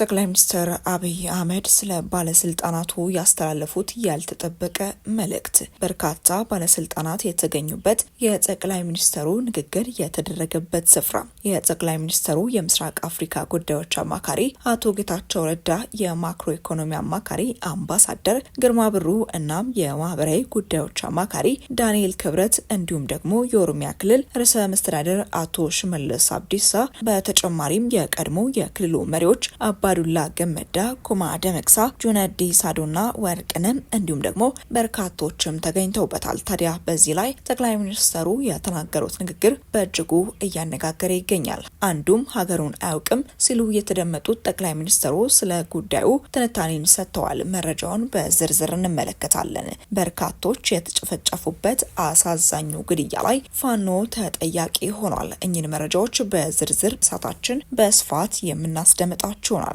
ጠቅላይ ሚኒስትር አብይ አህመድ ስለ ባለስልጣናቱ ያስተላለፉት ያልተጠበቀ መልእክት። በርካታ ባለስልጣናት የተገኙበት የጠቅላይ ሚኒስትሩ ንግግር የተደረገበት ስፍራ። የጠቅላይ ሚኒስትሩ የምስራቅ አፍሪካ ጉዳዮች አማካሪ አቶ ጌታቸው ረዳ፣ የማክሮ ኢኮኖሚ አማካሪ አምባሳደር ግርማ ብሩ እናም የማህበራዊ ጉዳዮች አማካሪ ዳንኤል ክብረት እንዲሁም ደግሞ የኦሮሚያ ክልል ርዕሰ መስተዳደር አቶ ሽመልስ አብዲሳ በተጨማሪም የቀድሞ የክልሉ መሪዎች አባ አባዱላ ገመዳ፣ ኩማ ደመቅሳ፣ ጁነዲ ሳዶና ወርቅንም እንዲሁም ደግሞ በርካቶችም ተገኝተውበታል። ታዲያ በዚህ ላይ ጠቅላይ ሚኒስተሩ የተናገሩት ንግግር በእጅጉ እያነጋገረ ይገኛል። አንዱም ሀገሩን አያውቅም ሲሉ የተደመጡት ጠቅላይ ሚኒስተሩ ስለ ጉዳዩ ትንታኔን ሰጥተዋል። መረጃውን በዝርዝር እንመለከታለን። በርካቶች የተጨፈጨፉበት አሳዛኙ ግድያ ላይ ፋኖ ተጠያቂ ሆኗል። እኚህን መረጃዎች በዝርዝር እሳታችን በስፋት የምናስደምጣችሁናል።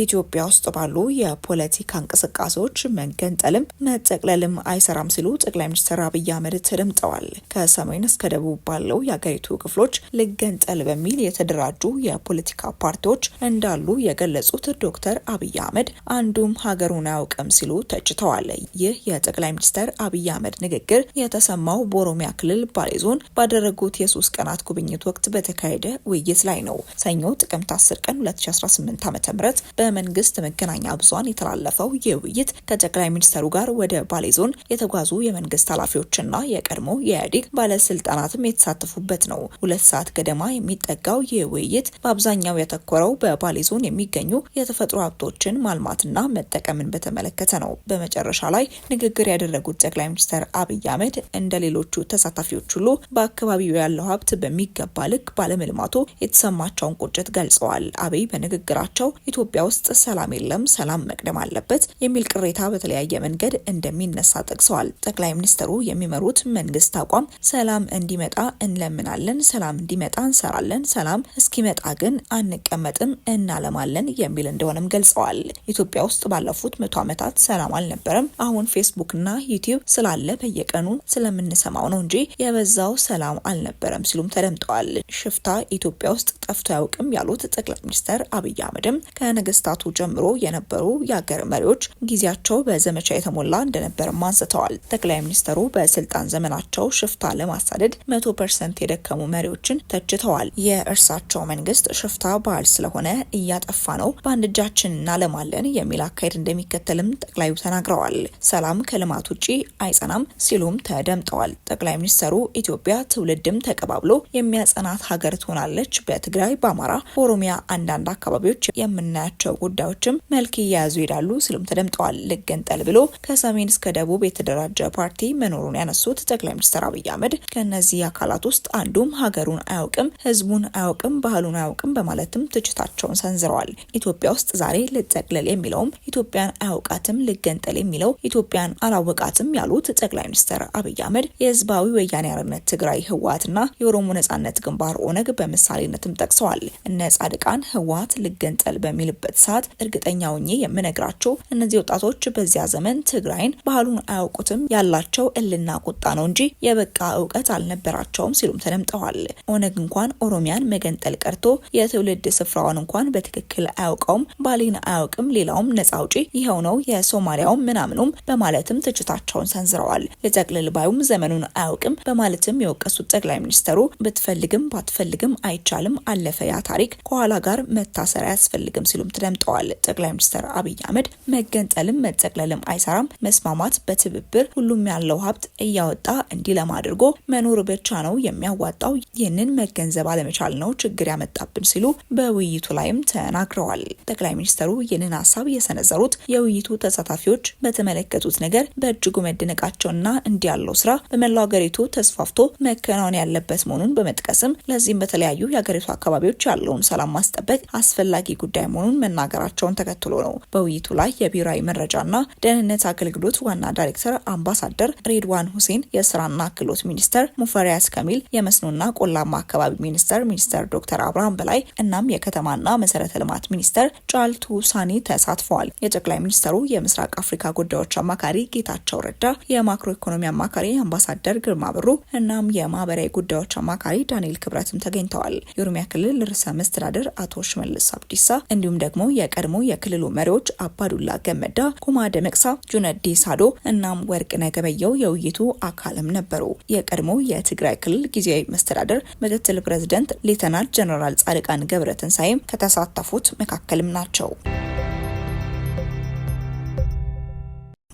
ኢትዮጵያ ውስጥ ባሉ የፖለቲካ እንቅስቃሴዎች መገንጠልም መጠቅለልም አይሰራም ሲሉ ጠቅላይ ሚኒስትር አብይ አህመድ ተደምጠዋል። ከሰሜን እስከ ደቡብ ባለው የአገሪቱ ክፍሎች ልገንጠል በሚል የተደራጁ የፖለቲካ ፓርቲዎች እንዳሉ የገለጹት ዶክተር አብይ አህመድ አንዱም ሀገሩን አያውቅም ሲሉ ተችተዋል። ይህ የጠቅላይ ሚኒስትር አብይ አህመድ ንግግር የተሰማው በኦሮሚያ ክልል ባሌ ዞን ባደረጉት የሶስት ቀናት ጉብኝት ወቅት በተካሄደ ውይይት ላይ ነው። ሰኞ ጥቅምት 10 ቀን 2018 ዓ ም በመንግስት መገናኛ ብዙሃን የተላለፈው ይህ ውይይት ከጠቅላይ ሚኒስትሩ ጋር ወደ ባሌ ዞን የተጓዙ የመንግስት ኃላፊዎችና የቀድሞ የኢህአዴግ ባለስልጣናትም የተሳተፉበት ነው። ሁለት ሰዓት ገደማ የሚጠጋው ይህ ውይይት በአብዛኛው ያተኮረው በባሌ ዞን የሚገኙ የተፈጥሮ ሀብቶችን ማልማትና መጠቀምን በተመለከተ ነው። በመጨረሻ ላይ ንግግር ያደረጉት ጠቅላይ ሚኒስትር አብይ አህመድ እንደ ሌሎቹ ተሳታፊዎች ሁሉ በአካባቢው ያለው ሀብት በሚገባ ልክ ባለመልማቱ የተሰማቸውን ቁጭት ገልጸዋል። አብይ በንግግራቸው ኢትዮጵያ ውስጥ ሰላም የለም፣ ሰላም መቅደም አለበት የሚል ቅሬታ በተለያየ መንገድ እንደሚነሳ ጠቅሰዋል። ጠቅላይ ሚኒስትሩ የሚመሩት መንግስት አቋም ሰላም እንዲመጣ እንለምናለን፣ ሰላም እንዲመጣ እንሰራለን፣ ሰላም እስኪመጣ ግን አንቀመጥም፣ እናለማለን የሚል እንደሆነም ገልጸዋል። ኢትዮጵያ ውስጥ ባለፉት መቶ ዓመታት ሰላም አልነበረም። አሁን ፌስቡክና ዩቲዩብ ስላለ በየቀኑ ስለምንሰማው ነው እንጂ የበዛው ሰላም አልነበረም ሲሉም ተደምጠዋል። ሽፍታ ኢትዮጵያ ውስጥ ጠፍቶ አያውቅም ያሉት ጠቅላይ ሚኒስትር አብይ አህመድም ከነገስ ከመንግስታቱ ጀምሮ የነበሩ የሀገር መሪዎች ጊዜያቸው በዘመቻ የተሞላ እንደነበርም አንስተዋል። ጠቅላይ ሚኒስትሩ በስልጣን ዘመናቸው ሽፍታ ለማሳደድ መቶ ፐርሰንት የደከሙ መሪዎችን ተችተዋል። የእርሳቸው መንግስት ሽፍታ ባህል ስለሆነ እያጠፋ ነው፣ በአንድ እጃችን እናለማለን የሚል አካሄድ እንደሚከተልም ጠቅላዩ ተናግረዋል። ሰላም ከልማት ውጪ አይጸናም ሲሉም ተደምጠዋል። ጠቅላይ ሚኒስትሩ ኢትዮጵያ ትውልድም ተቀባብሎ የሚያጸናት ሀገር ትሆናለች። በትግራይ፣ በአማራ፣ በኦሮሚያ አንዳንድ አካባቢዎች የምናያቸው የሚያነሳቸው ጉዳዮችም መልክ እየያዙ ይሄዳሉ ሲሉም ተደምጠዋል። ልገንጠል ብሎ ከሰሜን እስከ ደቡብ የተደራጀ ፓርቲ መኖሩን ያነሱት ጠቅላይ ሚኒስትር አብይ አህመድ ከእነዚህ አካላት ውስጥ አንዱም ሀገሩን አያውቅም፣ ህዝቡን አያውቅም፣ ባህሉን አያውቅም በማለትም ትችታቸውን ሰንዝረዋል። ኢትዮጵያ ውስጥ ዛሬ ልጠቅልል የሚለውም ኢትዮጵያን አያውቃትም፣ ልገንጠል የሚለው ኢትዮጵያን አላወቃትም ያሉት ጠቅላይ ሚኒስትር አብይ አህመድ የህዝባዊ ወያኔ ሓርነት ትግራይ ህወሓትና የኦሮሞ ነጻነት ግንባር ኦነግ በምሳሌነትም ጠቅሰዋል። እነ ጻድቃን ህወሓት ልገንጠል በሚልበት ሰዓት እርግጠኛ ሆኜ የምነግራችሁ እነዚህ ወጣቶች በዚያ ዘመን ትግራይን ባህሉን አያውቁትም፣ ያላቸው እልና ቁጣ ነው እንጂ የበቃ እውቀት አልነበራቸውም ሲሉም ተደምጠዋል። ኦነግ እንኳን ኦሮሚያን መገንጠል ቀርቶ የትውልድ ስፍራዋን እንኳን በትክክል አያውቀውም፣ ባሌን አያውቅም፣ ሌላውም ነጻ አውጪ ይኸው ነው የሶማሊያውም ምናምኑም በማለትም ትችታቸውን ሰንዝረዋል። ለጠቅልል ባዩም ዘመኑን አያውቅም በማለትም የወቀሱት ጠቅላይ ሚኒስተሩ ብትፈልግም ባትፈልግም አይቻልም፣ አለፈ ያ ታሪክ ከኋላ ጋር መታሰር አያስፈልግም ሲሉም ተደምጠዋል። ጠቅላይ ሚኒስትር አብይ አህመድ መገንጠልም መጠቅለልም አይሰራም፣ መስማማት በትብብር ሁሉም ያለው ሀብት እያወጣ እንዲለማ አድርጎ መኖር ብቻ ነው የሚያዋጣው፣ ይህንን መገንዘብ አለመቻል ነው ችግር ያመጣብን ሲሉ በውይይቱ ላይም ተናግረዋል። ጠቅላይ ሚኒስትሩ ይህንን ሀሳብ የሰነዘሩት የውይይቱ ተሳታፊዎች በተመለከቱት ነገር በእጅጉ መደነቃቸውና እንዲህ ያለው ስራ በመላው ሀገሪቱ ተስፋፍቶ መከናወን ያለበት መሆኑን በመጥቀስም ለዚህም በተለያዩ የሀገሪቱ አካባቢዎች ያለውን ሰላም ማስጠበቅ አስፈላጊ ጉዳይ መሆኑን መናገራቸውን ተከትሎ ነው። በውይይቱ ላይ የብሔራዊ መረጃና ደህንነት አገልግሎት ዋና ዳይሬክተር አምባሳደር ሬድዋን ሁሴን፣ የስራና ክህሎት ሚኒስተር ሙፈሪያት ከሚል፣ የመስኖና ቆላማ አካባቢ ሚኒስተር ሚኒስተር ዶክተር አብርሃም በላይ እናም የከተማና መሰረተ ልማት ሚኒስተር ጫልቱ ሳኒ ተሳትፈዋል። የጠቅላይ ሚኒስተሩ የምስራቅ አፍሪካ ጉዳዮች አማካሪ ጌታቸው ረዳ፣ የማክሮ ኢኮኖሚ አማካሪ አምባሳደር ግርማ ብሩ እናም የማህበራዊ ጉዳዮች አማካሪ ዳንኤል ክብረትም ተገኝተዋል። የኦሮሚያ ክልል ርዕሰ መስተዳደር አቶ ሽመልስ አብዲሳ እንዲሁም ደግሞ ደግሞ የቀድሞ የክልሉ መሪዎች አባዱላ ገመዳ፣ ኩማ ደመቅሳ፣ ጁነዲ ሳዶ እናም ወርቅነህ ገበየሁ የውይይቱ አካልም ነበሩ። የቀድሞ የትግራይ ክልል ጊዜያዊ መስተዳደር ምክትል ፕሬዝደንት ሌተናል ጀነራል ጻድቃን ገብረ ትንሳኤም ከተሳተፉት መካከልም ናቸው።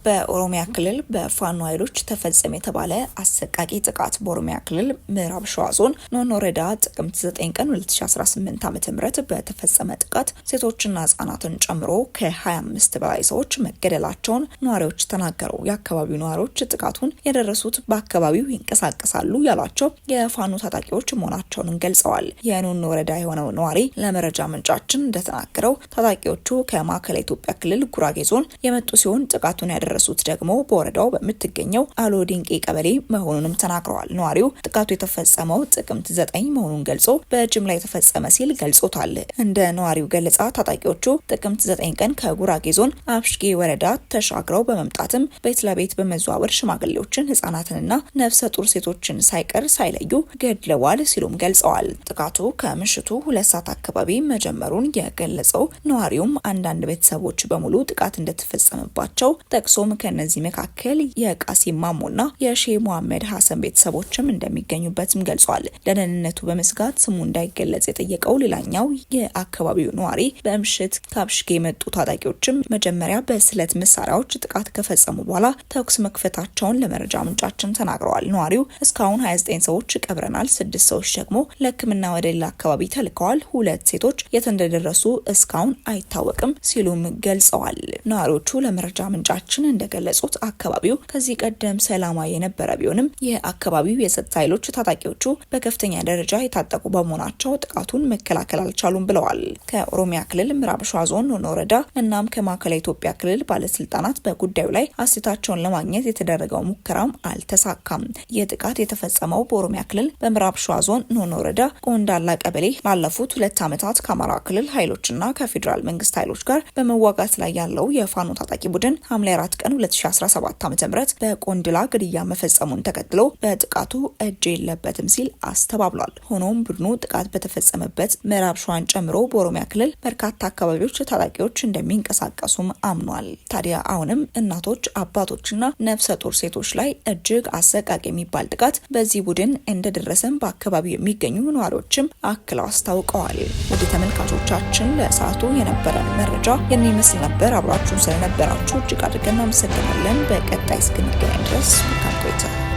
በኦሮሚያ ክልል በፋኖ ኃይሎች ተፈጸመ የተባለ አሰቃቂ ጥቃት በኦሮሚያ ክልል ምዕራብ ሸዋ ዞን ኖኖ ወረዳ ጥቅምት 9 ቀን 2018 ዓ ም በተፈጸመ ጥቃት ሴቶችና ህጻናትን ጨምሮ ከ25 በላይ ሰዎች መገደላቸውን ነዋሪዎች ተናገሩ። የአካባቢው ነዋሪዎች ጥቃቱን የደረሱት በአካባቢው ይንቀሳቀሳሉ ያሏቸው የፋኖ ታጣቂዎች መሆናቸውን ገልጸዋል። የኖኖ ወረዳ የሆነው ነዋሪ ለመረጃ ምንጫችን እንደተናገረው ታጣቂዎቹ ከማዕከላዊ ኢትዮጵያ ክልል ጉራጌ ዞን የመጡ ሲሆን ጥቃቱን ያደረ የደረሱት ደግሞ በወረዳው በምትገኘው አሎ ዲንቄ ቀበሌ መሆኑንም ተናግረዋል። ነዋሪው ጥቃቱ የተፈጸመው ጥቅምት ዘጠኝ መሆኑን ገልጾ በጅምላ የተፈጸመ ሲል ገልጾታል። እንደ ነዋሪው ገለጻ ታጣቂዎቹ ጥቅምት ዘጠኝ ቀን ከጉራጌ ዞን አብሽጌ ወረዳ ተሻግረው በመምጣትም ቤት ለቤት በመዘዋወር ሽማግሌዎችን፣ ህጻናትንና ነፍሰ ጡር ሴቶችን ሳይቀር ሳይለዩ ገድለዋል ሲሉም ገልጸዋል። ጥቃቱ ከምሽቱ ሁለት ሰዓት አካባቢ መጀመሩን የገለጸው ነዋሪውም አንዳንድ ቤተሰቦች በሙሉ ጥቃት እንደተፈጸመባቸው ጠቅሶ ዳሶም ከእነዚህ መካከል የቃሲም ማሞና የሼህ መሐመድ ሀሰን ቤተሰቦችም እንደሚገኙበትም ገልጿል። ደህንነቱ በመስጋት ስሙ እንዳይገለጽ የጠየቀው ሌላኛው የአካባቢው ነዋሪ በምሽት ከአብሽጌ የመጡ ታጣቂዎችም መጀመሪያ በስለት መሳሪያዎች ጥቃት ከፈጸሙ በኋላ ተኩስ መክፈታቸውን ለመረጃ ምንጫችን ተናግረዋል። ነዋሪው እስካሁን 29 ሰዎች ቀብረናል፣ ስድስት ሰዎች ደግሞ ለሕክምና ወደ ሌላ አካባቢ ተልከዋል፣ ሁለት ሴቶች የት እንደደረሱ እስካሁን አይታወቅም ሲሉም ገልጸዋል። ነዋሪዎቹ ለመረጃ ምንጫችን እንደገለጹት አካባቢው ከዚህ ቀደም ሰላማዊ የነበረ ቢሆንም የአካባቢው የጸጥታ ኃይሎች ታጣቂዎቹ በከፍተኛ ደረጃ የታጠቁ በመሆናቸው ጥቃቱን መከላከል አልቻሉም ብለዋል። ከኦሮሚያ ክልል ምዕራብ ሸዋ ዞን ሆኖ ወረዳ እናም ከማዕከላዊ ኢትዮጵያ ክልል ባለስልጣናት በጉዳዩ ላይ አስተያየታቸውን ለማግኘት የተደረገው ሙከራም አልተሳካም። ይህ ጥቃት የተፈጸመው በኦሮሚያ ክልል በምዕራብ ሸዋ ዞን ኖኖ ወረዳ ቆንዳላ ቀበሌ ላለፉት ሁለት ዓመታት ከአማራ ክልል ኃይሎችና ከፌዴራል መንግስት ኃይሎች ጋር በመዋጋት ላይ ያለው የፋኖ ታጣቂ ቡድን ሐምሌ ቀን 2017 ዓ.ም በቆንድላ ግድያ መፈጸሙን ተከትሎ በጥቃቱ እጅ የለበትም ሲል አስተባብሏል። ሆኖም ቡድኑ ጥቃት በተፈጸመበት ምዕራብ ሸዋን ጨምሮ በኦሮሚያ ክልል በርካታ አካባቢዎች ታጣቂዎች እንደሚንቀሳቀሱም አምኗል። ታዲያ አሁንም እናቶች፣ አባቶችና ነፍሰ ጡር ሴቶች ላይ እጅግ አሰቃቂ የሚባል ጥቃት በዚህ ቡድን እንደደረሰም በአካባቢው የሚገኙ ነዋሪዎችም አክለው አስታውቀዋል። ወደ ተመልካቾቻችን ለሰዓቱ የነበረን መረጃ የሚመስል ነበር። አብራችሁ ስለነበራችሁ እጅግ አድርገና እናመሰግናለን። በቀጣይ እስክንገናኝ ድረስ መልካም ቆይታ